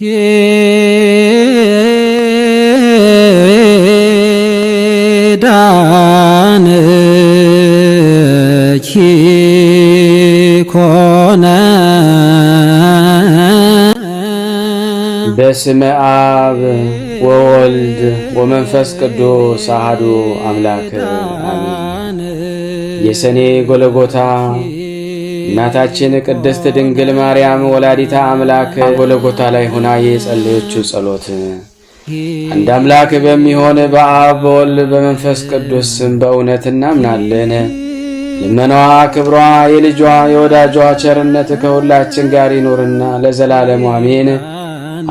ኪዳንኪ በስመ አብ ወወልድ ወመንፈስ ቅዱስ አሐዱ አምላክ አሜን። የሰኔ ጎለጎታ እናታችን ቅድስት ድንግል ማርያም ወላዲታ አምላክ ጎለጎታ ላይ ሆና የጸለየችው ጸሎት አንድ አምላክ በሚሆን በአብ በወልድ በመንፈስ ቅዱስ ስም በእውነት እናምናለን። ልመናዋ፣ ክብሯ፣ የልጇ የወዳጇ ቸርነት ከሁላችን ጋር ይኖርና ለዘላለሙ አሜን።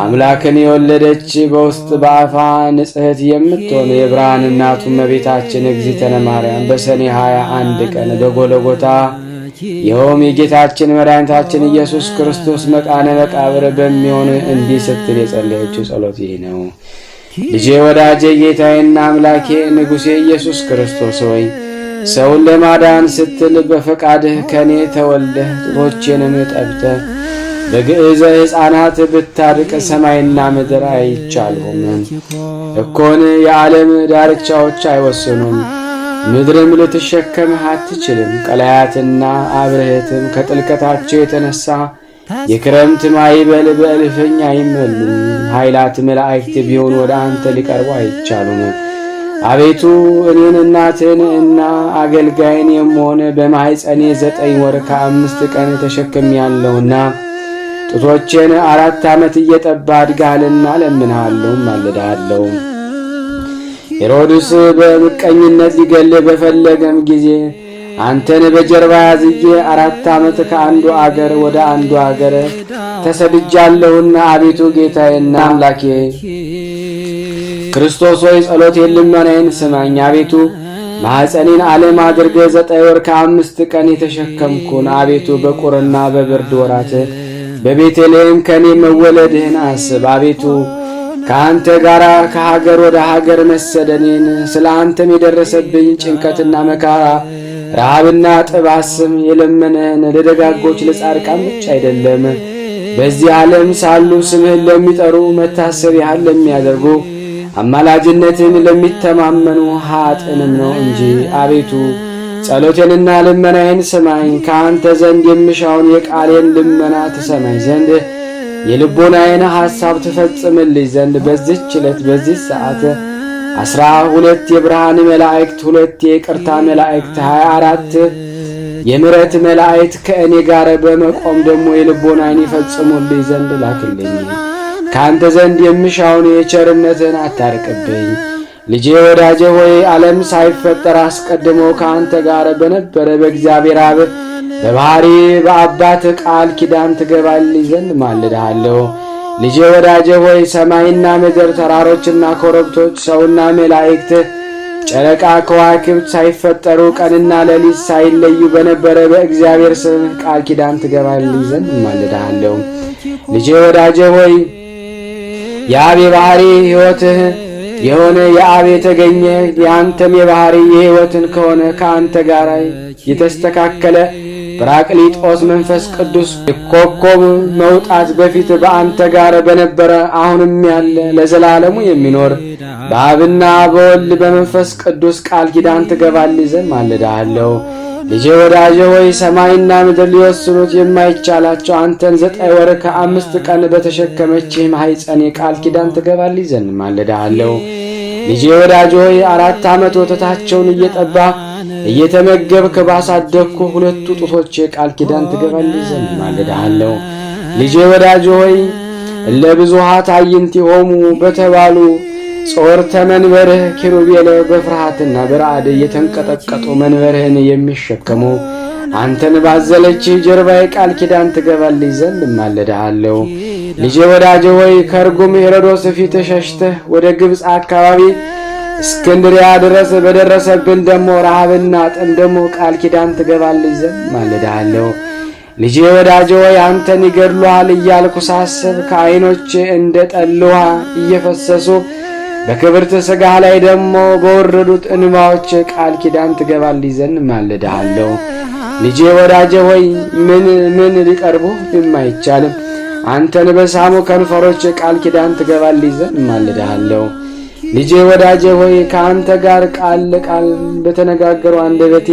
አምላክን የወለደች በውስጥ በአፋ ንጽሕት የምትሆን የብርሃን እናቱ እመቤታችን እግዝእትነ ማርያም በሰኔ 21 ቀን በጎለጎታ ይኸውም የጌታችን መድኃኒታችን ኢየሱስ ክርስቶስ መቃነ መቃብር በሚሆን እንዲህ ስትል የጸለየችው ጸሎት ይህ ነው። ልጄ ወዳጄ፣ ጌታዬና አምላኬ ንጉሴ ኢየሱስ ክርስቶስ ሆይ ሰውን ለማዳን ስትል በፈቃድህ ከእኔ ተወልደህ ጡቶቼንም ጠብተህ በግዕዘ ሕፃናት ብታድቅ ሰማይና ምድር አይቻሉም እኮን የዓለም ዳርቻዎች አይወስኑም። ምድርም ልትሸከምህ አትችልም። ቀላያትና አብርህትም ከጥልቀታቸው የተነሳ የክረምት ማይበል በእልፍኝ አይመሉም። ኃይላት መላእክት ቢሆን ወደ አንተ ሊቀርቡ አይቻሉም። አቤቱ እኔን እናትን እና አገልጋይን የምሆነ በማሕፀኔ ዘጠኝ ወር ከአምስት ቀን ያለውና ጡቶቼን አራት ዓመት እየጠባ አድጋልና ለምንሃለሁም ማልድሃለሁ ሄሮድስ በምቀኝነት ሊገል በፈለገም ጊዜ አንተን በጀርባ ያዝዬ አራት ዓመት ከአንዱ አገር ወደ አንዱ አገር ተሰድጃለሁና አቤቱ ጌታዬና አምላኬ ክርስቶስ ሆይ ጸሎት የልመናዬን ስማኝ። አቤቱ ማኅፀኔን ዓለም አድርገ ዘጠኝ ወር ከአምስት ቀን የተሸከምኩን አቤቱ በቁርና በብርድ ወራት በቤተልሔም ከእኔ መወለድህን አስብ አቤቱ ከአንተ ጋር ከሀገር ወደ ሀገር መሰደኔን ስለ አንተም የደረሰብኝ ጭንቀትና መከራ ረሃብና ጥባስም የለመነህን ለደጋጎች ለጻድቃን ብቻ አይደለም በዚህ ዓለም ሳሉ ስምህን ለሚጠሩ መታሰቢያህን ለሚያደርጉ አማላጅነትን ለሚተማመኑ ሀጥንም ነው እንጂ። አቤቱ ጸሎቴንና ልመናዬን ስማኝ፣ ከአንተ ዘንድ የምሻውን የቃሌን ልመና ትሰማኝ ዘንድ የልቦናዬን ሐሳብ ትፈጽምልኝ ዘንድ በዚህች ዕለት በዚህ ሰዓት አስራ ሁለት የብርሃን መላእክት፣ ሁለት የቅርታ መላእክት፣ ሀያ አራት የምረት መላእክት ከእኔ ጋር በመቆም ደግሞ የልቦናዬን ይፈጽሙልኝ ዘንድ ላክልኝ። ከአንተ ዘንድ የምሻውን የቸርነትን አታርቅብኝ። ልጄ ወዳጄ ሆይ ዓለም ሳይፈጠር አስቀድሞ ከአንተ ጋር በነበረ በእግዚአብሔር አብ በባሕሪ በአባት ቃል ኪዳን ትገባልኝ ዘንድ ማልድሃለሁ። ልጄ ወዳጄ ሆይ ሰማይና ምድር፣ ተራሮችና ኮረብቶች፣ ሰውና መላእክት፣ ጨረቃ ከዋክብት ሳይፈጠሩ ቀንና ሌሊት ሳይለዩ በነበረ በእግዚአብሔር ስም ቃል ኪዳን ትገባልኝ ዘንድ ማልድሃለሁ። ልጄ ወዳጄ ሆይ የአብ የባህሪ ሕይወትህ የሆነ የአብ የተገኘ የአንተም የባሕሪ የሕይወትን ከሆነ ከአንተ ጋር የተስተካከለ በራቅሊጦስ መንፈስ ቅዱስ የኮከብ መውጣት በፊት በአንተ ጋር በነበረ አሁንም ያለ ለዘላለሙ የሚኖር በአብና በወልድ በመንፈስ ቅዱስ ቃል ኪዳን ትገባል ዘን ማልዳሃለሁ። ልጄ ወዳጄ ሆይ ሰማይና ምድር ሊወስኑት የማይቻላቸው አንተን ዘጠኝ ወር ከአምስት ቀን በተሸከመችህ ማኅፀን ቃል ኪዳን ትገባል ዘን ማልዳሃለሁ። ልጄ ወዳጄ ሆይ አራት ዓመት ወተታቸውን እየጠባ እየተመገብክ ባሳደግኩ ሁለቱ ጡቶች ቃል ኪዳን ትገባልኝ ዘንድ ማልድሃለሁ። ልጄ ወዳጅ ሆይ እለ ብዙኃ ሆሙ በተባሉ ጾርተ መንበርህ ኪሩቤል በፍርሃትና በረአድ እየተንቀጠቀጡ መንበርህን የሚሸከሙ አንተን ባዘለች ጀርባዬ ቃል ኪዳን ትገባልኝ ዘንድ ማልድሃለሁ። ልጄ ወዳጅ ሆይ ከርጉም ሄሮዶስ ፊት ሸሽተህ ወደ ግብፅ አካባቢ እስክንድሪያ ድረስ በደረሰብን ደግሞ ረሃብና ጥም ደሞ ቃል ኪዳን ትገባልኝ ዘንድ ማልድሃለሁ። ልጄ ወዳጄ ወይ አንተን ይገድሉሃል እያልኩ ሳስብ ከዐይኖቼ እንደ ጠል ውሃ እየፈሰሱ በክብርት ሥጋህ ላይ ደሞ በወረዱት እንባዎች ቃል ኪዳን ትገባልኝ ዘንድ ማልድሃለሁ። ልጄ ወዳጄ ሆይ ምን ምን ሊቀርቡ የማይቻልም አንተን በሳሙ ከንፈሮች ቃል ኪዳን ትገባልኝ ዘንድ ማልድሃለሁ። ልጄ ወዳጄ ሆይ ከአንተ ጋር ቃል ለቃል በተነጋገሩ አንደበቴ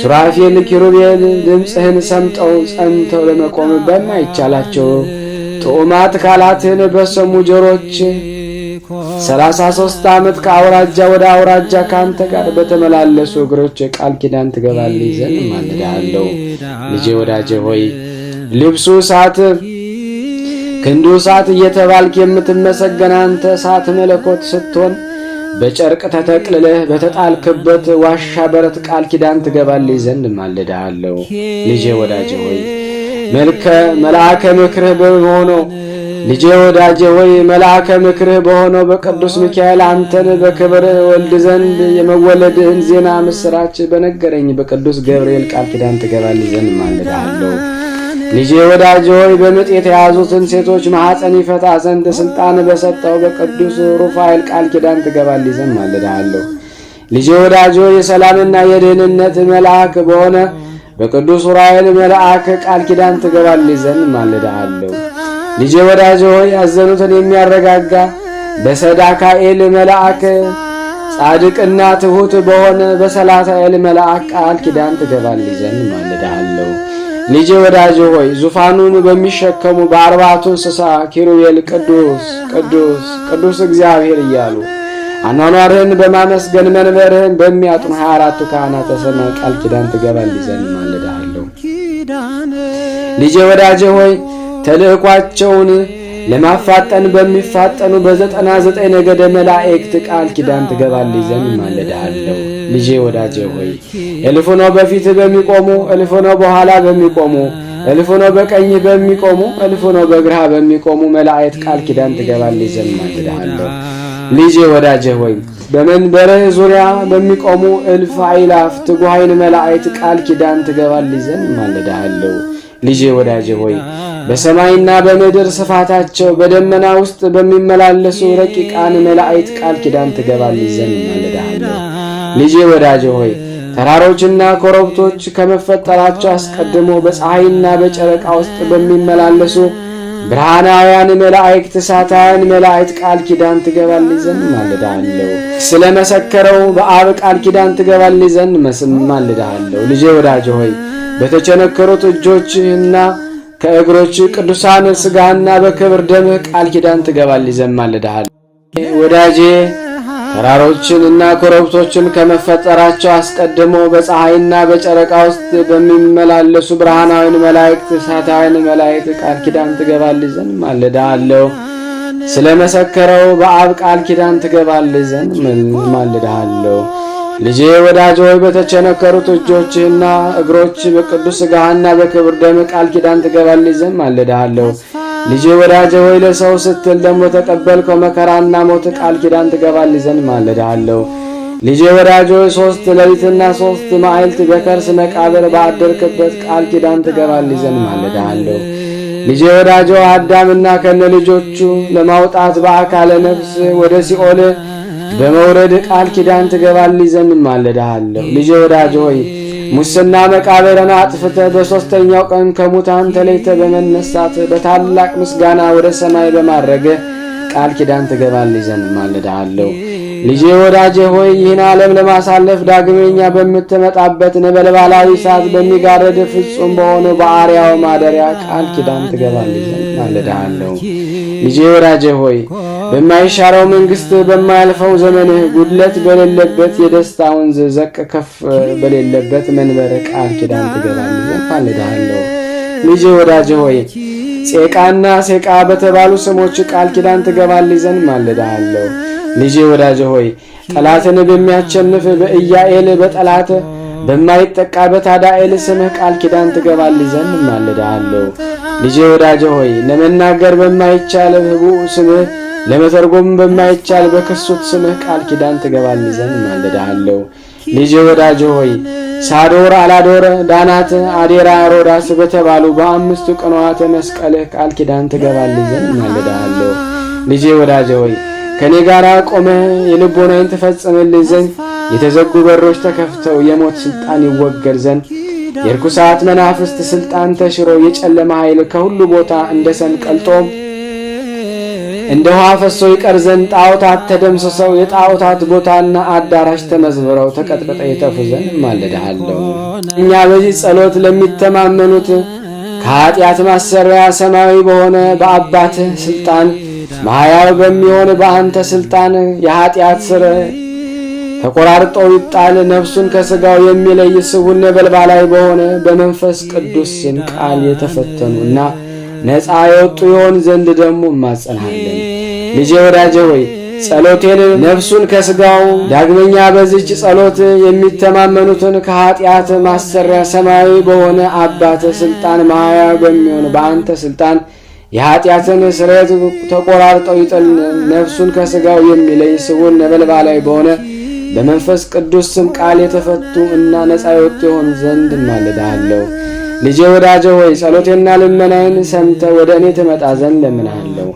ሱራፌል፣ ኪሩቤል ድምፅህን ሰምጠው ጸንተው ለመቆም በማይቻላቸው ጥዑማት ቃላትህን በሰሙ ጆሮች ሰላሳ ሦስት ዓመት ከአውራጃ ወደ አውራጃ ከአንተ ጋር በተመላለሱ እግሮች ቃል ኪዳን ትገባልኝ ዘንድ ማልዳለሁ። ልጄ ወዳጄ ሆይ ልብሱ እሳት ክንዱ እሳት እየተባልክ የምትመሰገን አንተ እሳት መለኮት ስትሆን በጨርቅ ተጠቅልለህ በተጣልክበት ዋሻ በረት ቃል ኪዳን ትገባልህ ዘንድ ማልድሃለሁ። ልጄ ወዳጄ ሆይ መልከ መልአከ ምክርህ በሆነው ልጄ ወዳጄ ሆይ መልአከ ምክርህ በሆነው በቅዱስ ሚካኤል አንተን በክብር ወልድ ዘንድ የመወለድህን ዜና ምስራች በነገረኝ በቅዱስ ገብርኤል ቃል ኪዳን ትገባልህ ዘንድ ማልድሃለሁ። ልጄ ወዳጅ ሆይ በምጥ የተያዙትን ሴቶች ማኅፀን ይፈታ ዘንድ ሥልጣን በሰጠው በቅዱስ ሩፋኤል ቃል ኪዳን ትገባል ይዘን ማልድሃለሁ። ልጄ ወዳጅ ሆይ የሰላምና የደህንነት መልአክ በሆነ በቅዱስ ሩፋኤል መልአክ ቃል ኪዳን ትገባል ይዘን ማልድሃለሁ። ልጄ ወዳጅ ሆይ ያዘኑትን የሚያረጋጋ በሰዳካኤል መልአክ ጻድቅና ትሑት በሆነ በሰላታኤል መልአክ ቃል ኪዳን ትገባል ይዘን ማልድሃለሁ። ልጄ ወዳጅ ሆይ ዙፋኑን በሚሸከሙ በአርባቱ እንስሳ ኪሩቤል ቅዱስ ቅዱስ ቅዱስ እግዚአብሔር እያሉ አኗኗርህን በማመስገን መንበርህን በሚያጥኑ ሀያ አራቱ ካህናተ ሰማይ ቃል ኪዳን ትገባልህ ዘንድ ማልድሃለሁ። ልጄ ወዳጅ ሆይ ተልእኳቸውን ለማፋጠን በሚፋጠኑ በዘጠና ዘጠኝ ነገደ መላእክት ቃል ኪዳን ትገባልህ ዘንድ ማልድሃለሁ። ልጄ ወዳጄ ሆይ እልፍ ሆነው በፊትህ በሚቆሙ እልፍ ሆነው በኋላ በሚቆሙ እልፍ ሆነው በቀኝህ በሚቆሙ እልፍ ሆነው በግራህ በሚቆሙ መላእክት ቃል ኪዳን ትገባለች ዘንድ ማልድሃለሁ። ልጄ ወዳጄ ሆይ በመንበርህ ዙሪያ በሚቆሙ እልፍ አይላፍ ትጉሃን መላእክት ቃል ኪዳን ትገባለች ዘንድ ማልድሃለሁ። ልጄ ወዳጄ ሆይ በሰማይና በምድር ስፋታቸው በደመና ውስጥ በሚመላለሱ ረቂቃን መላእክት ቃል ኪዳን ትገባለች ዘንድ ልጄ ወዳጄ ሆይ ተራሮችና ኮረብቶች ከመፈጠራቸው አስቀድሞ በፀሐይና በጨረቃ ውስጥ በሚመላለሱ ብርሃናውያን መላእክት እሳታውያን መላእክት ቃል ኪዳን ትገባልኝ ዘንድ ማልዳለሁ። ስለ መሰከረው በአብ ቃል ኪዳን ትገባልኝ ዘንድ መስም ማልዳለሁ። ልጄ ወዳጄ ሆይ በተቸነከሩት እጆችህና ከእግሮች ቅዱሳን ሥጋህና በክብር ደምህ ቃል ኪዳን ትገባልኝ ዘንድ ማልዳለሁ ወዳጄ ተራሮችንና ኮረብቶችን ከመፈጠራቸው አስቀድሞ በፀሐይና በጨረቃ ውስጥ በሚመላለሱ ብርሃናዊን መላእክት እሳታዊን መላእክት ቃል ኪዳን ትገባልህ ዘንድ ማልድሃለሁ። ስለ መሰከረው በአብ ቃል ኪዳን ትገባልህ ዘንድ ማልድሃለሁ። ልጄ ወዳጅ ሆይ በተቸነከሩት እጆችህና እግሮች በቅዱስ ሥጋህና በክብር ደም ቃል ኪዳን ትገባልህ ዘንድ ማልድሃለሁ። ልጄ ወዳጄ ሆይ ለሰው ስትል ደግሞ ተቀበልከው መከራና ሞት ቃል ኪዳን ትገባልህ ዘንድ ማለድሃለሁ። ልጄ ወዳጄ ሆይ ሶስት ሌሊትና ሶስት ማዕልት በከርስ መቃብር ባደርክበት ቃል ኪዳን ትገባልህ ዘንድ ማለድሃለሁ። ልጄ ወዳጄ አዳምና ከነ ልጆቹ ለማውጣት በአካለ ነፍስ ወደ ሲኦል በመውረድ ቃል ኪዳን ትገባልህ ዘንድ ማለድሃለሁ። ልጄ ወዳጄ ሆይ ሙስና መቃብርን አጥፍተ በሦስተኛው ቀን ከሙታን ተለይተ በመነሳት በታላቅ ምስጋና ወደ ሰማይ በማረገ ቃል ኪዳን ትገባልኝ ዘንድ ማልድሃለሁ። ልጄ ወዳጄ ሆይ ይህን ዓለም ለማሳለፍ ዳግመኛ በምትመጣበት ነበልባላዊ ሰዓት በሚጋረድ ፍጹም በሆነ በአርያው ማደሪያ ቃል ኪዳን ትገባልኝ ዘንድ ማልድሃለሁ። ልጄ ወዳጄ ሆይ በማይሻረው መንግስት በማያልፈው ዘመንህ ጉድለት በሌለበት የደስታ ወንዝ ዘቅ ከፍ በሌለበት መንበር ቃል ኪዳን ትገባለህ ፋልዳለሁ። ልጄ ወዳጅ ሆይ ጼቃና ሴቃ በተባሉ ስሞች ቃል ኪዳን ትገባልህ ዘንድ ማልዳለሁ። ልጄ ወዳጅ ሆይ ጠላትን በሚያቸንፍ በኢያኤል በጠላት በማይጠቃ በታዳኤል ስምህ ቃል ኪዳን ትገባልህ ዘንድ ማልዳለሁ። ልጄ ወዳጅ ሆይ ለመናገር በማይቻል ህቡ ስምህ ለመተርጎም በማይቻል በክርስቶስ ስምህ ቃል ኪዳን ትገባል ዘንድ ማልድሃለሁ። ልጄ ወዳጅ ሆይ ሳዶር፣ አላዶር፣ ዳናት፣ አዴራ፣ ሮዳስ በተባሉ በአምስቱ ቅንዋተ መስቀልህ ቃል ኪዳን ትገባል ዘንድ ማልድሃለሁ። ልጄ ወዳጅ ሆይ ከእኔ ጋር ቆመህ የልቦናዬን ትፈጽምልህ ዘንድ የተዘጉ በሮች ተከፍተው የሞት ስልጣን ይወገድ ዘንድ የርኩሳት መናፍስት ስልጣን ተሽሮ የጨለመ ኃይል ከሁሉ ቦታ እንደ ሰም ቀልጦ እንደ ውሃ ፈሶ ይቀር ዘንድ ጣዖታት ተደምስሰው የጣዖታት ቦታና አዳራሽ ተመዝብረው ተቀጥቅጠ ይጠፉ ዘንድ ማልድሃለሁ። እኛ በዚህ ጸሎት ለሚተማመኑት ከኀጢአት ማሰሪያ ሰማያዊ በሆነ በአባትህ ሥልጣን ማያው በሚሆን በአንተ ሥልጣን የኀጢአት ስር ተቆራርጦ ይጣል ነፍሱን ከሥጋው የሚለይ ስውን ነበልባላዊ በሆነ በመንፈስ ቅዱስ ስም ቃል የተፈተኑና ነፃ የወጡ ይሆን ዘንድ ደግሞ እማጸናሃለን። ልጄ ወዳጄ ሆይ ጸሎቴን ነፍሱን ከስጋው ዳግመኛ በዚች ጸሎት የሚተማመኑትን ከኃጢአት ማሰሪያ ሰማያዊ በሆነ አባተ ስልጣን ማያ በሚሆን በአንተ ስልጣን የኃጢአትን ስርየት ተቆራርጠው ይጥል ነፍሱን ከስጋው የሚለይ ስውን ነበልባላዊ በሆነ በመንፈስ ቅዱስ ስም ቃል የተፈቱ እና ነፃ የወጡ የሆን ዘንድ እማልድሃለሁ። ልጄ ወዳጄ ሆይ ጸሎቴና ልመናዬን ሰምተ ወደ እኔ ትመጣ ዘንድ ለምናለሁ።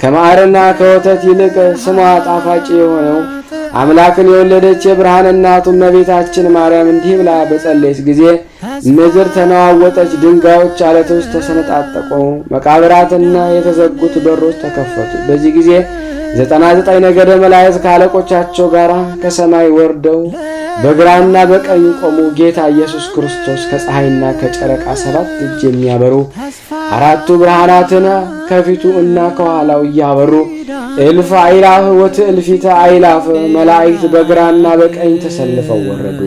ከማዕርና ከወተት ይልቅ ስሟ ጣፋጭ የሆነው አምላክን የወለደች የብርሃን እናቱ እመቤታችን ማርያም እንዲህ ብላ በጸለየች ጊዜ ምድር ተነዋወጠች፣ ድንጋዮች፣ አለቶች ተሰነጣጠቁ፣ መቃብራትና የተዘጉት በሮች ተከፈቱ። በዚህ ጊዜ ዘጠና ዘጠኝ ነገደ መላእክት ከአለቆቻቸው ጋር ከሰማይ ወርደው በግራና በቀኝ ቆሙ ጌታ ኢየሱስ ክርስቶስ ከፀሐይና ከጨረቃ ሰባት እጅ የሚያበሩ አራቱ ብርሃናትን ከፊቱ እና ከኋላው እያበሩ እልፍ አይላፍ ወትእልፊተ አይላፍ መላእክት በግራና በቀኝ ተሰልፈው ወረዱ።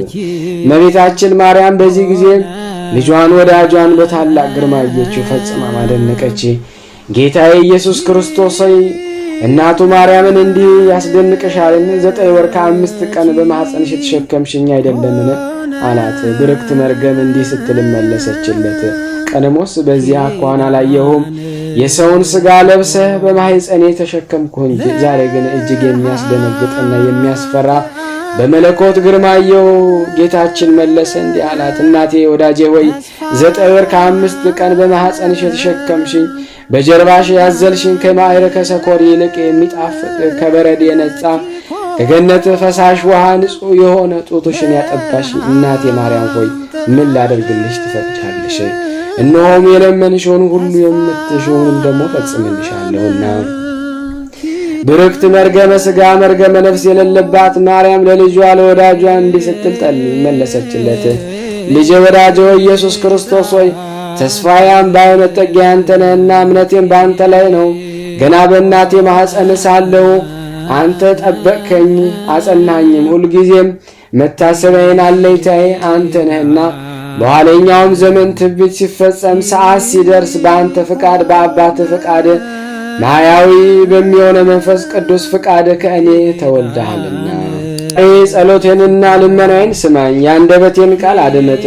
እመቤታችን ማርያም በዚህ ጊዜ ልጇን ወዳጇን በታላቅ ግርማ አየችው፣ ፈጽማ ጌታ ጌታዬ ኢየሱስ ክርስቶስ እናቱ ማርያምን እንዲህ ያስደንቅሻልን? ዘጠኝ ወር ከአምስት ቀን በማኅፀንሽ የተሸከምሽኝ አይደለምን? አላት። ብርክት መርገም እንዲህ ስትል መለሰችለት፣ ቀደሞስ በዚያ እንኳን አላየሁም የሰውን ሥጋ ለብሰህ በማኅፀኔ ተሸከምኩህ እንጂ። ዛሬ ግን እጅግ የሚያስደነግጥና የሚያስፈራ በመለኮት ግርማየው ጌታችን መለሰ እንዲህ አላት። እናቴ ወዳጄ ሆይ ዘጠኝ ወር ከአምስት ቀን በማኅፀንሽ የተሸከምሽኝ በጀርባሽ ያዘልሽን ከማይረ ከሰኮር ይልቅ የሚጣፍጥ ከበረድ የነጻ ከገነት ፈሳሽ ውሃ ንጹሕ የሆነ ጡትሽን ያጠባሽ እናቴ ማርያም ሆይ ምን ላደርግልሽ ትፈቅጃለሽ? እነሆም የለመንሽውን ሁሉ የምትሽውንም ደግሞ ፈጽምልሻለሁና። ብርክት መርገመ ሥጋ መርገመ ነፍስ የሌለባት ማርያም ለልጇ ለወዳጇ እንዲህ ስትል መለሰችለት። ልጄ ወዳጄ ኢየሱስ ክርስቶስ ሆይ ተስፋ አምባዬ መጠጊያ አንተ ነህና እምነቴም በአንተ ላይ ነው። ገና በእናቴ ማኅፀን ሳለሁ አንተ ጠበቅከኝ አጸናኝም። ሁልጊዜም መታሰቢያዬን አለኝታዬ አንተ ነህና በኋለኛውም ዘመን ትንቢት ሲፈጸም ሰዓት ሲደርስ በአንተ ፍቃድ በአባት ፍቃድ ማያዊ በሚሆነ መንፈስ ቅዱስ ፍቃድ ከእኔ ተወልደሃልና ጸሎቴንና ልመናዬን ስማኝ፣ የአንደበቴን ቃል አደመጠ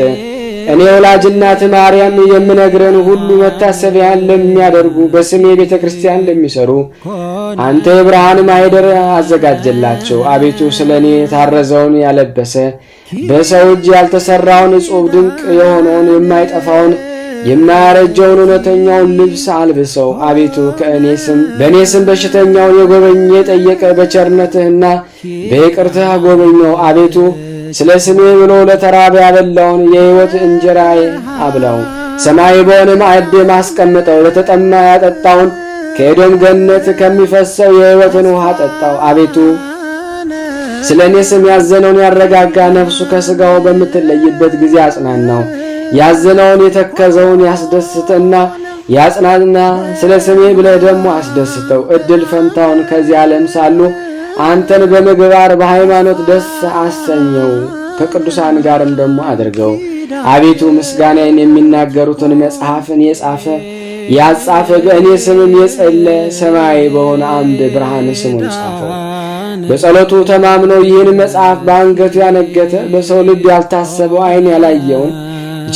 እኔ ወላጅ እናት ማርያም የምነግረን ሁሉ መታሰቢያን ለሚያደርጉ በስሜ ቤተ ክርስቲያን ለሚሰሩ አንተ የብርሃን ማይደር አዘጋጀላቸው። አቤቱ ስለ እኔ የታረዘውን ያለበሰ በሰው እጅ ያልተሰራውን እጹብ ድንቅ የሆነውን የማይጠፋውን የማያረጀውን እውነተኛውን ልብስ አልብሰው። አቤቱ ከእኔ ስም በእኔ ስም በሽተኛውን የጎበኘ የጠየቀ በቸርነትህና በይቅርትህ ጎበኘው። አቤቱ ስለ ብሎ ለተራበ ያበላውን የሕይወት እንጀራዬ አብላው። ሰማይ በሆነ ማዕድ አስቀምጠው። ለተጠማ ያጠጣውን ከኤዶም ገነት ከሚፈሰው የሕይወትን ውሃ ጠጣው። አቤቱ ስለ እኔ ስም ያዘነውን ያረጋጋ፣ ነፍሱ ከሥጋው በምትለይበት ጊዜ አጽናናው። ያዘነውን የተከዘውን ያስደስትና ያጽናና። ስለ ስሜ ብለህ ደግሞ አስደስተው። እድል ፈንታውን ከዚህ ዓለም ሳሉ አንተን በምግባር በሃይማኖት ደስ አሰኘው፣ ከቅዱሳን ጋርም ደግሞ አድርገው። አቤቱ ምስጋናዬን የሚናገሩትን መጽሐፍን የጻፈ ያጻፈ በእኔ ስምም የጸለ ሰማይ በሆነ አምድ ብርሃን ስሙን ጻፈው። በጸሎቱ ተማምኖ ይህን መጽሐፍ በአንገቱ ያነገተ በሰው ልብ ያልታሰበው ዓይን ያላየውን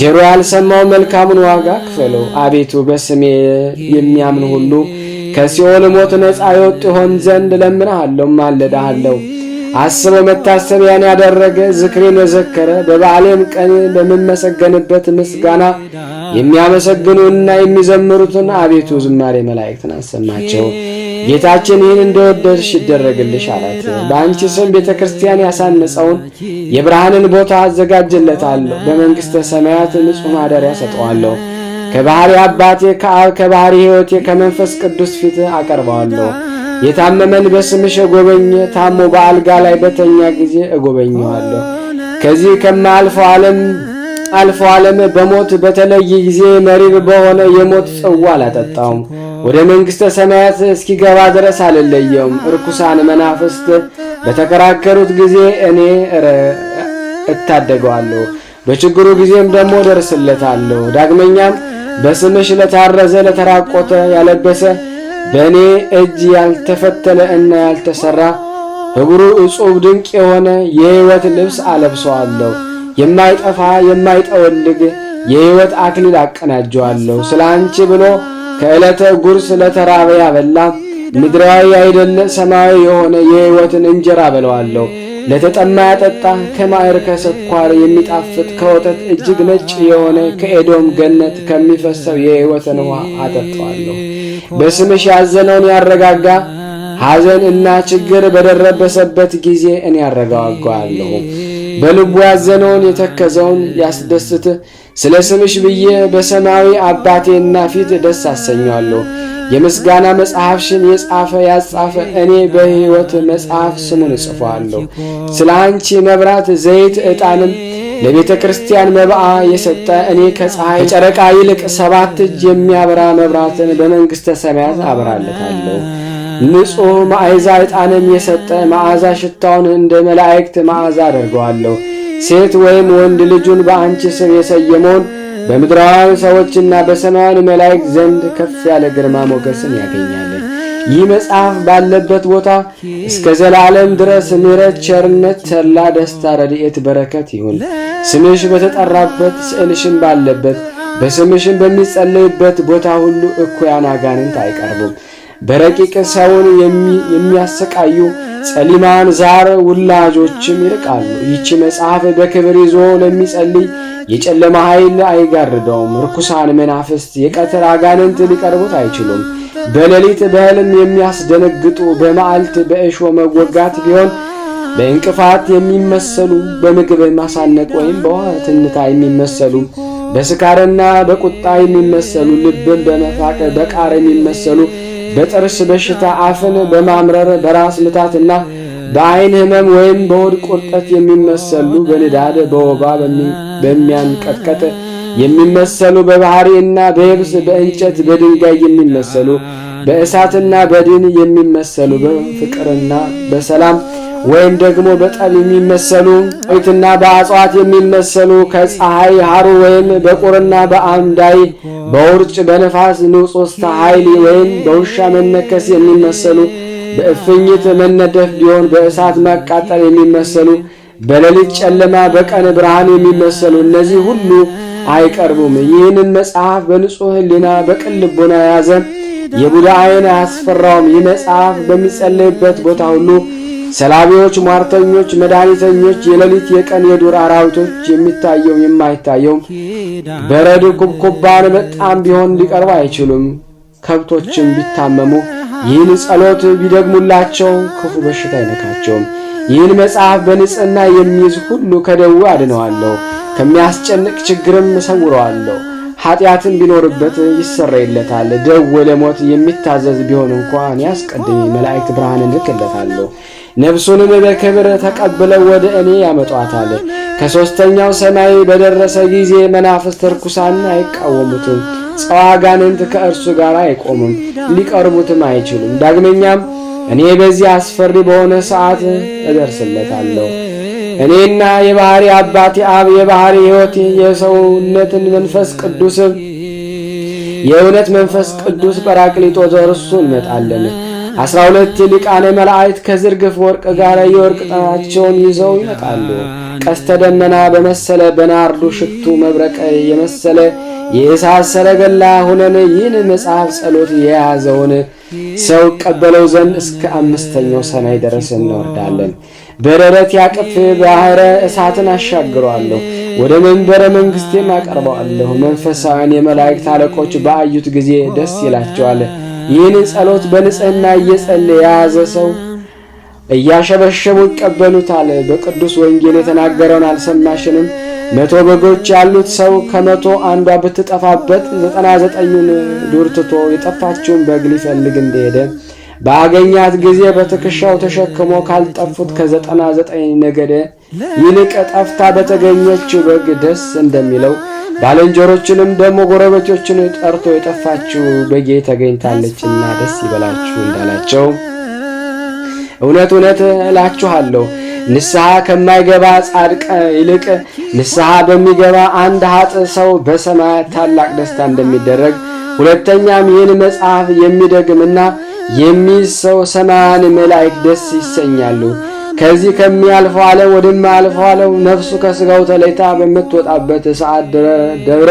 ጆሮ ያልሰማው መልካሙን ዋጋ ክፈለው። አቤቱ በስሜ የሚያምን ሁሉ ከሲኦል ሞት ነፃ የወጡ ይሆን ዘንድ እለምንሃለሁ ማለዳሃለሁ። አስበ መታሰቢያን ያደረገ ዝክሬን የዘከረ በበዓሌም ቀን በምመሰገንበት ምስጋና የሚያመሰግኑና የሚዘምሩትን አቤቱ ዝማሬ መላእክትን አሰማቸው። ጌታችን ይህን እንደወደድሽ ይደረግልሽ አላት። በአንቺ ስም ቤተ ክርስቲያን ያሳነጸውን የብርሃንን ቦታ አዘጋጅለታለሁ። በመንግሥተ ሰማያት ንጹሕ ማደሪያ ሰጠዋለሁ። ከባህሪ አባቴ ከአብ ከባህሪ ሕይወቴ ከመንፈስ ቅዱስ ፊት አቀርበዋለሁ። የታመመን በስምሽ እጎበኘ ታሞ በአልጋ ላይ በተኛ ጊዜ እጎበኘዋለሁ። ከዚህ ከማያልፈው ዓለም አልፎ ዓለም በሞት በተለየ ጊዜ መሪር በሆነ የሞት ጽዋ አላጠጣውም። ወደ መንግሥተ ሰማያት እስኪገባ ድረስ አልለየውም። እርኩሳን መናፍስት በተከራከሩት ጊዜ እኔ እታደገዋለሁ፣ በችግሩ ጊዜም ደግሞ ደርስለታለሁ። ዳግመኛም በስምሽ ለታረዘ ለተራቆተ ያለበሰ በእኔ እጅ ያልተፈተለ እና ያልተሰራ እግሩ እጹብ ድንቅ የሆነ የሕይወት ልብስ አለብሰዋለሁ። የማይጠፋ የማይጠወልግ የሕይወት አክሊል አቀናጀዋለሁ። ስለ አንቺ ብሎ ከዕለተ ጉርስ ለተራበ ያበላ ምድራዊ አይደለ ሰማያዊ የሆነ የሕይወትን እንጀራ በለዋለሁ። ለተጠማ ያጠጣ ከማዕር ከስኳር የሚጣፍጥ ከወተት እጅግ ነጭ የሆነ ከኤዶም ገነት ከሚፈሰው የሕይወትን ውሃ አጠጣዋለሁ። በስምሽ ያዘነውን ያረጋጋ ሐዘን እና ችግር በደረበሰበት ጊዜ እኔ ያረጋጋዋለሁ። በልቡ ያዘነውን የተከዘውን ያስደስትህ ስለ ስምሽ ብዬ በሰማያዊ አባቴና ፊት ደስ አሰኘዋለሁ። የምስጋና መጽሐፍሽን የጻፈ ያጻፈ እኔ በሕይወት መጽሐፍ ስሙን እጽፏለሁ። ስለ አንቺ መብራት፣ ዘይት፣ ዕጣንም ለቤተ ክርስቲያን መብአ የሰጠ እኔ ከፀሐይ ጨረቃ ይልቅ ሰባት እጅ የሚያበራ መብራትን በመንግሥተ ሰማያት አብራለታለሁ። ንጹሕ ማዕዛ ዕጣንም የሰጠ መዓዛ ሽታውን እንደ መላእክት መዓዛ አደርገዋለሁ። ሴት ወይም ወንድ ልጁን በአንቺ ስም የሰየመውን በምድራውያን ሰዎችና በሰማያዊ መላእክት ዘንድ ከፍ ያለ ግርማ ሞገስን ያገኛል። ይህ መጽሐፍ ባለበት ቦታ እስከ ዘላለም ድረስ ምሕረት፣ ቸርነት፣ ተድላ፣ ደስታ፣ ረድኤት፣ በረከት ይሁን። ስምሽ በተጠራበት ስዕልሽም ባለበት በስምሽን በሚጸለይበት ቦታ ሁሉ እኩያን አጋንንት አይቀርቡም። በረቂቅ ሰውን የሚያሰቃዩ ጸሊማን ዛር ውላጆችም ይርቃሉ። ይቺ መጽሐፍ በክብር ይዞ ለሚጸልይ የጨለማ ኃይል አይጋርደውም። ርኩሳን መናፍስት፣ የቀትር አጋንንት ሊቀርቡት አይችሉም። በሌሊት በሕልም የሚያስደነግጡ በመዓልት በእሾ መወጋት ቢሆን በእንቅፋት የሚመሰሉ በምግብ ማሳነቅ ወይም በውሃ ትንታ የሚመሰሉ በስካርና በቁጣ የሚመሰሉ ልብን በመፋቅ በቃር የሚመሰሉ በጥርስ በሽታ አፍን በማምረር በራስ ምታትና በአይን ህመም ወይም በሆድ ቁርጠት የሚመሰሉ በንዳድ በወባ በሚያንቀጥቀጥ የሚመሰሉ በባህሪ እና በየብስ በእንጨት በድንጋይ የሚመሰሉ በእሳትና በድን የሚመሰሉ በፍቅርና በሰላም ወይም ደግሞ በጠል የሚመሰሉ ቆይትና በአጽዋት የሚመሰሉ ከፀሐይ ሐሩ ወይም በቁርና በአምዳይ በውርጭ በነፋስ ንውጾስተ ኃይል ወይም በውሻ መነከስ የሚመሰሉ በእፍኝት መነደፍ ቢሆን በእሳት መቃጠል የሚመሰሉ በሌሊት ጨለማ በቀን ብርሃን የሚመሰሉ እነዚህ ሁሉ አይቀርቡም። ይህንን መጽሐፍ በንጹሕ ሕሊና በቅን ልቦና የያዘ የቡዳ ዓይን አያስፈራውም። ይህ መጽሐፍ በሚጸለይበት ቦታ ሁሉ ሰላቢዎች፣ ሟርተኞች፣ መድኃኒተኞች፣ የሌሊት የቀን የዱር አራዊቶች የሚታየው የማይታየው በረድ ኩብኩባን በጣም ቢሆን ሊቀርቡ አይችሉም። ከብቶችም ቢታመሙ ይህን ጸሎት ቢደግሙላቸው ክፉ በሽታ አይነካቸውም። ይህን መጽሐፍ በንጽህና የሚይዝ ሁሉ ከደዌ አድነዋለሁ፣ ከሚያስጨንቅ ችግርም እሰውረዋለሁ። ኃጢአትን ቢኖርበት ይሰረይለታል። ደዌ ለሞት የሚታዘዝ ቢሆን እንኳ እኔ አስቀድሜ መላእክት ብርሃንን እልክለታለሁ። ነፍሱንም በክብር ተቀብለው ወደ እኔ ያመጧታል። ከሦስተኛው ሰማይ በደረሰ ጊዜ መናፍስት ርኩሳን አይቃወሙትም። ጸዋጋንንት ከእርሱ ጋር አይቆሙም፣ ሊቀርቡትም አይችሉም። ዳግመኛም እኔ በዚህ አስፈሪ በሆነ ሰዓት እደርስለታለሁ። እኔና የባህሪ አባቴ አብ የባህሪ ሕይወት የሰውነትን መንፈስ ቅዱስ የእውነት መንፈስ ቅዱስ ጰራቅሊጦስ ዘርሱ እንመጣለን። አስራ ሁለት ሊቃነ መላእክት ከዝርግፍ ወርቅ ጋር የወርቅ ጣታቸውን ይዘው ይመጣሉ። ቀስተ ደመና በመሰለ በናርዱ ሽቱ መብረቀ የመሰለ የእሳት ሰረገላ ሆነን ይህን መጽሐፍ ጸሎት የያዘውን ሰው ቀበለው ዘንድ እስከ አምስተኛው ሰማይ ደረስ እንወርዳለን። በረረት ያቅፍ ባህረ እሳትን አሻግረዋለሁ፣ ወደ መንበረ መንግሥቴም አቀርበዋለሁ። መንፈሳውያን የመላእክት አለቆች በአዩት ጊዜ ደስ ይላቸዋል። ይህን ጸሎት በንጽሕና እየጸለ የያዘ ሰው እያሸበሸቡ ይቀበሉታል። በቅዱስ ወንጌል የተናገረውን አልሰማሽንም? መቶ በጎች ያሉት ሰው ከመቶ አንዷ ብትጠፋበት ዘጠና ዘጠኙን ዱር ትቶ የጠፋችውን በግ ሊፈልግ እንደሄደ በአገኛት ጊዜ በትከሻው ተሸክሞ ካልጠፉት ከዘጠና ዘጠኝ ነገደ ይልቅ ጠፍታ በተገኘችው በግ ደስ እንደሚለው ባልንጀሮችንም ደግሞ ጎረቤቶችን ጠርቶ የጠፋችው በጌ ተገኝታለችና ደስ ይበላችሁ እንዳላቸው እውነት እውነት እላችኋለሁ ንስሐ ከማይገባ ጻድቅ ይልቅ ንስሐ በሚገባ አንድ ሀጥ ሰው በሰማያት ታላቅ ደስታ እንደሚደረግ፣ ሁለተኛም ይህን መጽሐፍ የሚደግምና የሚይዝ ሰው ሰማያን መላእክት ደስ ይሰኛሉ። ከዚህ ከሚያልፈው ዓለም ወደማያልፈው ዓለም ነፍሱ ከሥጋው ተለይታ በምትወጣበት ሰዓት ደብረ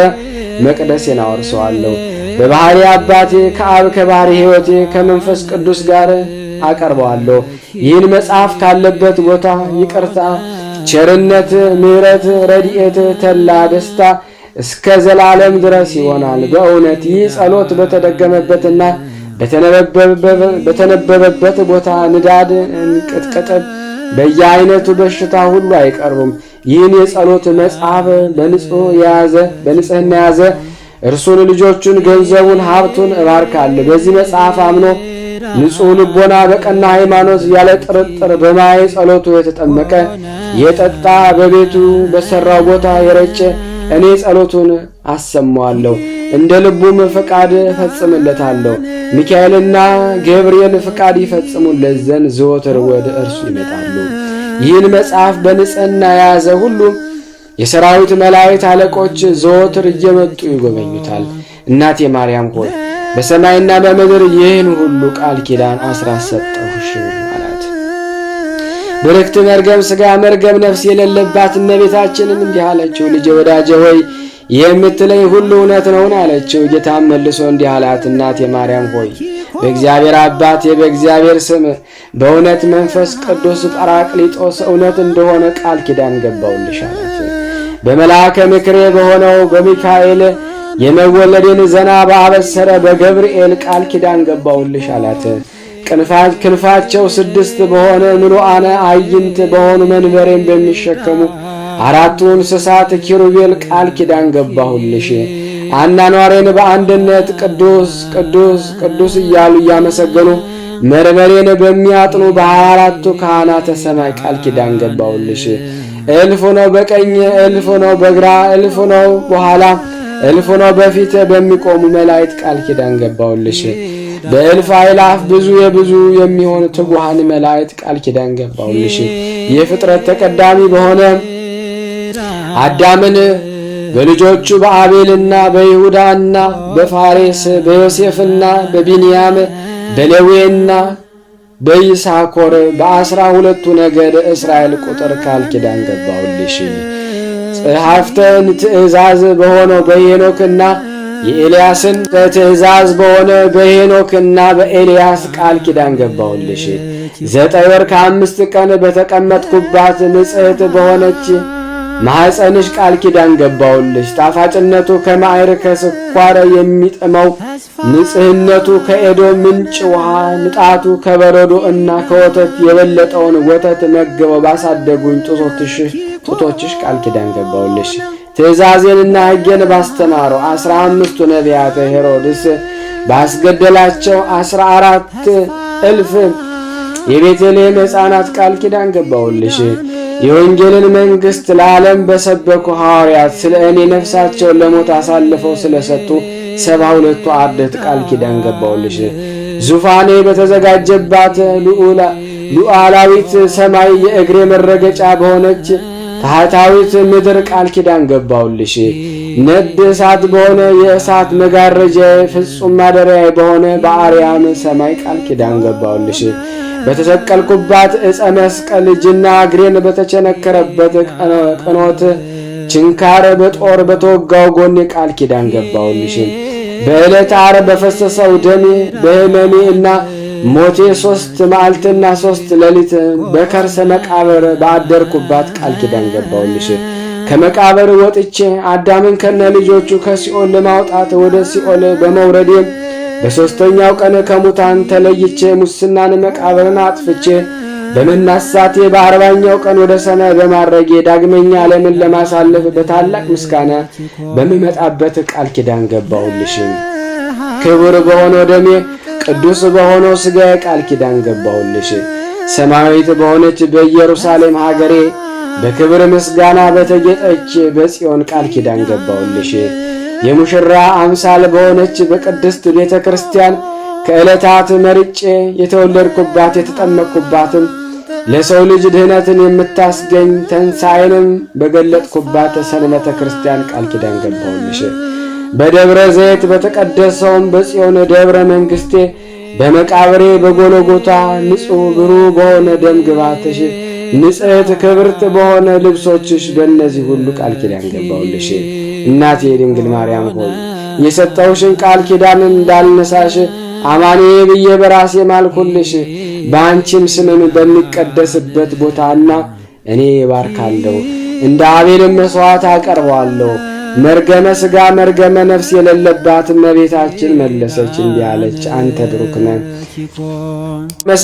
መቅደስ አወርሰዋለሁ። በባህሪ አባቴ ከአብ ከባህሪ ሕይወቴ ከመንፈስ ቅዱስ ጋር አቀርበዋለሁ። ይህን መጽሐፍ ካለበት ቦታ ይቅርታ፣ ቸርነት፣ ምሕረት፣ ረድኤት፣ ተላ ደስታ እስከ ዘላለም ድረስ ይሆናል። በእውነት ይህ ጸሎት በተደገመበትና በተነበበበት ቦታ ንዳድ፣ እንቅጥቅጥል በየአይነቱ በሽታ ሁሉ አይቀርቡም። ይህን የጸሎት መጽሐፍ በንጹህ የያዘ በንጽህና የያዘ እርሱን፣ ልጆቹን፣ ገንዘቡን፣ ሀብቱን እባርካለሁ። በዚህ መጽሐፍ አምኖ ንጹሕ ልቦና በቀና ሃይማኖት ያለ ጥርጥር በማየ ጸሎቱ የተጠመቀ የጠጣ በቤቱ በሠራው ቦታ የረጨ እኔ ጸሎቱን አሰማዋለሁ፣ እንደ ልቡም ፈቃድ እፈጽምለታለሁ። ሚካኤልና ገብርኤል ፈቃድ ይፈጽሙለት ዘንድ ዘወትር ወደ እርሱ ይመጣሉ። ይህን መጽሐፍ በንጽህና የያዘ ሁሉ የሰራዊት መላእክት አለቆች ዘወትር እየመጡ ይጎበኙታል። እናቴ ማርያም ሆይ በሰማይና በምድር ይህን ሁሉ ቃል ኪዳን አስራ ሰጠሁሽ አላት። ብርክት መርገም ሥጋ መርገም ነፍስ የሌለባት እመቤታችንም እንዲህ አለችው፣ ልጄ ወዳጄ ሆይ የምትለኝ ሁሉ እውነት ነውን? አለችው። ጌታም መልሶ እንዲህ አላት፣ እናት የማርያም ሆይ በእግዚአብሔር አባት በእግዚአብሔር ስም በእውነት መንፈስ ቅዱስ ጳራቅሊጦስ እውነት እንደሆነ ቃል ኪዳን ገባውልሽ በመልአከ ምክሬ በሆነው በሚካኤል የመወለዴን ዘና ባበሰረ በገብርኤል ቃል ኪዳን ገባውልሽ አላት። ክንፋቸው ስድስት በሆነ አነ አይንት በሆኑ መንበሬን በሚሸከሙ አራቱ እንስሳት ኪሩቤል ቃል ኪዳን ገባሁልሽ። አናኗሬን በአንድነት ቅዱስ ቅዱስ ቅዱስ እያሉ እያመሰገኑ መርመሬን በሚያጥኑ በሃያ አራቱ ካህናተ ሰማይ ቃል ኪዳን ገባሁልሽ። እልፍ ነው በቀኝ እልፍ ነው በግራ እልፍ ነው በኋላ እልፍ በፊት በሚቆሙ መላእክት ቃል ኪዳን ገባውልሽ። በእልፍ አይላፍ ብዙ የብዙ የሚሆን ትጉሃን መላእክት ቃል ኪዳን ገባውልሽ። የፍጥረት ተቀዳሚ በሆነ አዳምን በልጆቹ በአቤልና በይሁዳና በፋሬስ በዮሴፍና በቢንያም በሌዌና በይሳኮር በአስራ ሁለቱ ነገድ እስራኤል ቁጥር ቃል ኪዳን ገባውልሽ። ሀፍተን ትእዛዝ በሆነው በሄኖክና የኤልያስን ትእዛዝ በሆነ በሄኖክና በኤልያስ ቃል ኪዳን ገባውልሽ ዘጠኝ ወር ከአምስት ቀን በተቀመጥኩባት ንጽሕት በሆነች ማኅፀንሽ ቃል ኪዳን ገባውልሽ። ጣፋጭነቱ ከማዕር ከስኳር የሚጥመው ንጽህነቱ ከኤዶም ምንጭ ውሃ ንጣቱ ከበረዶ እና ከወተት የበለጠውን ወተት መግበው ባሳደጉኝ ጡቶችሽ ቃል ኪዳን ገባውልሽ። ትእዛዜንና ሕጌን ባስተማሩ አስራ አምስቱ ነቢያተ ሄሮድስ ባስገደላቸው አስራ አራት እልፍ የቤተልሔም ሕፃናት ቃል ኪዳን ገባውልሽ። የወንጌልን መንግሥት ለዓለም በሰበኩ ሐዋርያት ስለ እኔ ነፍሳቸውን ለሞት አሳልፈው ስለሰጡ ሰባ ሁለቱ አርድእት ቃል ኪዳን ገባውልሽ። ዙፋኔ በተዘጋጀባት ሉዓላዊት ሰማይ የእግሬ መረገጫ በሆነች ታህታዊት ምድር ቃል ኪዳን ገባውልሽ። ነድ እሳት በሆነ የእሳት መጋረጃ ፍጹም ማደሪያ በሆነ በአርያም ሰማይ ቃል ኪዳን ገባውልሽ። በተሰቀልኩባት ዕፀ መስቀል እጅና እግሬን በተቸነከረበት ቅኖት ችንካር በጦር በተወጋው ጎኔ ቃል ኪዳን ገባሁልሽን። በዕለተ ዓርብ በፈሰሰው ደሜ በሕመሜ እና ሞቴ ሦስት መዓልትና ሦስት ሌሊት በከርሰ መቃብር ባደርኩባት ቃል ኪዳን ገባውልሽ። ከመቃብር ወጥቼ አዳምን ከነ ልጆቹ ከሲኦል ለማውጣት ወደ ሲኦል በመውረዴ በሦስተኛው ቀን ከሙታን ተለይቼ ሙስናን መቃብርን አጥፍቼ በመናሳቴ በአርባኛው ቀን ወደ ሰማይ በማድረጌ ዳግመኛ ዓለምን ለማሳለፍ በታላቅ ምስጋና በምመጣበት ቃል ኪዳን ገባሁልሽም። ክቡር በሆነ ደሜ ቅዱስ በሆነው ሥጋ ቃል ኪዳን ገባሁልሽ። ሰማያዊት በሆነች በኢየሩሳሌም ሀገሬ በክብር ምስጋና በተጌጠች በጽዮን ቃል ኪዳን ገባሁልሽ። የሙሽራ አምሳል በሆነች በቅድስት ቤተ ክርስቲያን ከዕለታት መርጬ የተወለድኩባት የተጠመቅኩባትም ለሰው ልጅ ድህነትን የምታስገኝ ተንሣኤንም በገለጥኩባት ሰንበተ ክርስቲያን ቃል ኪዳን ገባሁልሽ። በደብረ ዘይት በተቀደሰውም በጽዮን ደብረ መንግሥቴ በመቃብሬ በጎለጎታ ንጹሕ ብሩህ በሆነ ደም ግባትሽ ንጽሕት ክብርት በሆነ ልብሶችሽ በእነዚህ ሁሉ ቃል ኪዳን ገባሁልሽ። እናቴ ድንግል ማርያም ሆይ የሰጠውሽን ቃል ኪዳን እንዳልነሳሽ አማኔ ብዬ በራሴ ማልኩልሽ። በአንቺም ስምን በሚቀደስበት ቦታና እኔ ባርካለሁ፣ እንደ አቤልም መሥዋዕት አቀርበዋለሁ። መርገመ ሥጋ መርገመ ነፍስ የሌለባት እመቤታችን መለሰች እንዲህ አለች፣ አንተ ብሩክ ነህ።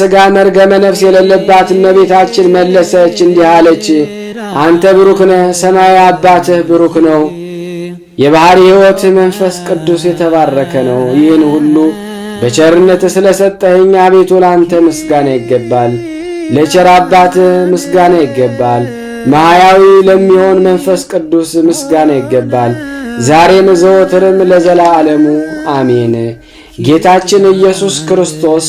ሥጋ መርገመ ነፍስ የሌለባት እመቤታችን መለሰች እንዲህ አለች፣ አንተ ብሩክ ነህ፣ ሰማያዊ አባትህ ብሩክ ነው። የባሕሪ ሕይወት መንፈስ ቅዱስ የተባረከ ነው። ይህን ሁሉ በቸርነት ስለ ሰጠኸኝ አቤቱ ላንተ ምስጋና ይገባል። ለቸር አባት ምስጋና ይገባል። ማያዊ ለሚሆን መንፈስ ቅዱስ ምስጋና ይገባል። ዛሬም ዘወትርም ለዘላ ዓለሙ አሜን። ጌታችን ኢየሱስ ክርስቶስ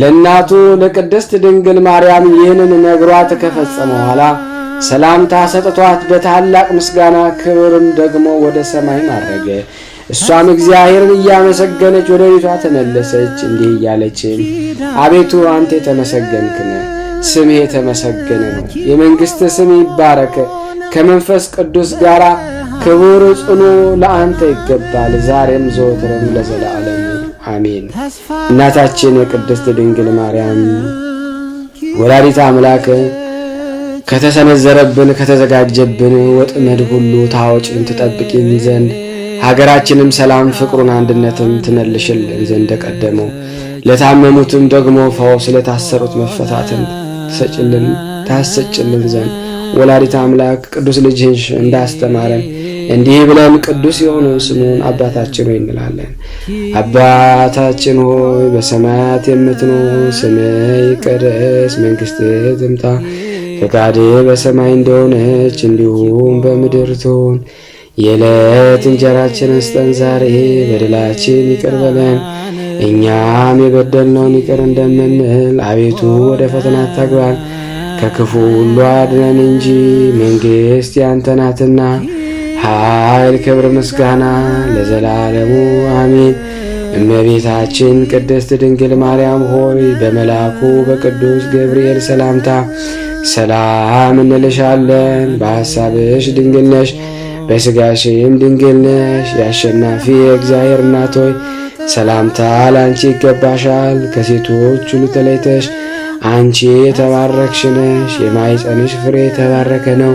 ለእናቱ ለቅድስት ድንግል ማርያም ይህንን ነግሯት ከፈጸመ በኋላ ሰላምታ ሰጥቷት በታላቅ ምስጋና ክብርም ደግሞ ወደ ሰማይ ማረገ። እሷም እግዚአብሔርን እያመሰገነች ወደ ቤቷ ተመለሰች፣ እንዲህ እያለችም አቤቱ አንተ የተመሰገንክ ነህ፣ ስምህ የተመሰገነ ነው። የመንግሥት ስም ይባረክ፣ ከመንፈስ ቅዱስ ጋር ክቡር ጽኑ ለአንተ ይገባል፣ ዛሬም ዘወትርም ለዘለዓለም አሜን። እናታችን የቅድስት ድንግል ማርያም ወላዲት አምላክ ከተሰነዘረብን ከተዘጋጀብን ወጥመድ ሁሉ ታወጪን ትጠብቂን ዘንድ ሀገራችንም ሰላም ፍቅሩን አንድነትም ትመልሽልን ዘንድ ቀደመው ለታመሙትም ደግሞ ፈውስ ለታሰሩት መፈታትን ትሰጭልን ታሰጭልን ዘንድ ወላዲት አምላክ ቅዱስ ልጅሽ እንዳስተማረን እንዲህ ብለን ቅዱስ የሆኑ ስሙን አባታችን ሆይ እንላለን። አባታችን ሆይ በሰማያት የምትኖር ስምህ ይቀደስ፣ መንግሥትህ ትምጣ ፈቃድህ በሰማይ እንደሆነች እንዲሁም በምድር ትሁን። የዕለት እንጀራችንን ስጠን ዛሬ፣ በደላችን ይቅር በለን እኛም የበደልነውን ይቅር እንደምንል፣ አቤቱ ወደ ፈተና አታግባን ከክፉ ሁሉ አድነን እንጂ መንግሥት ያንተ ናትና፣ ኃይል፣ ክብር፣ ምስጋና ለዘላለሙ አሜን። እመቤታችን ቅድስት ድንግል ማርያም ሆይ በመልአኩ በቅዱስ ገብርኤል ሰላምታ ሰላም እንልሻለን። በሐሳብሽ ድንግል ነሽ፣ በሥጋሽም ድንግል ነሽ። የአሸናፊ የእግዚአብሔር እናት ሆይ ሰላምታ ለአንቺ ይገባሻል። ከሴቶች ሁሉ ተለይተሽ አንቺ የተባረክሽ ነሽ። የማኅፀንሽ ፍሬ የተባረከ ነው።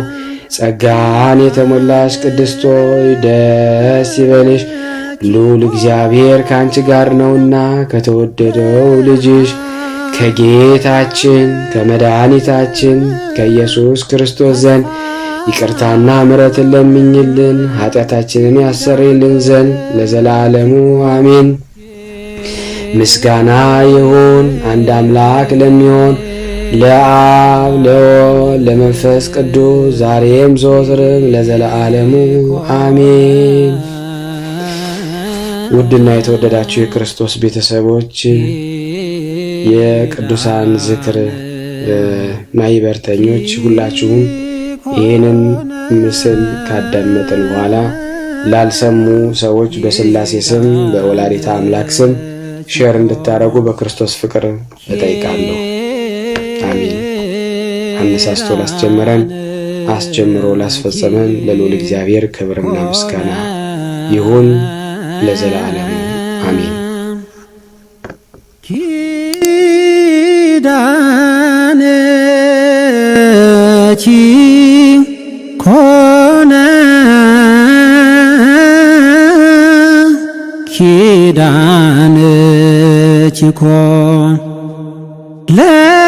ጸጋን የተሞላሽ ቅድስት ሆይ ደስ ይበልሽ፣ ልዑል እግዚአብሔር ከአንቺ ጋር ነውና ከተወደደው ልጅሽ ከጌታችን ከመድኃኒታችን ከኢየሱስ ክርስቶስ ዘንድ ይቅርታና ምሕረትን ለምኝልን ኃጢአታችንን ያሰርይልን ዘንድ ለዘላለሙ አሜን። ምስጋና ይሁን አንድ አምላክ ለሚሆን ለአብ ለወልድ ለመንፈስ ቅዱስ ዛሬም ዘወትርም ለዘላለሙ አሜን። ውድና የተወደዳችሁ የክርስቶስ ቤተሰቦች የቅዱሳን ዝክር ማይበርተኞች ሁላችሁም ይህንን ምስል ካዳመጥን በኋላ ላልሰሙ ሰዎች በስላሴ ስም በወላዲታ አምላክ ስም ሼር እንድታደረጉ በክርስቶስ ፍቅር እጠይቃለሁ። አሚን። አነሳስቶ ላስጀመረን አስጀምሮ ላስፈጸመን ለልዑል እግዚአብሔር ክብርና ምስጋና ይሁን ለዘላለም አሚን። ኪዳነኪ ኮነ ኪዳነኪ ኮነ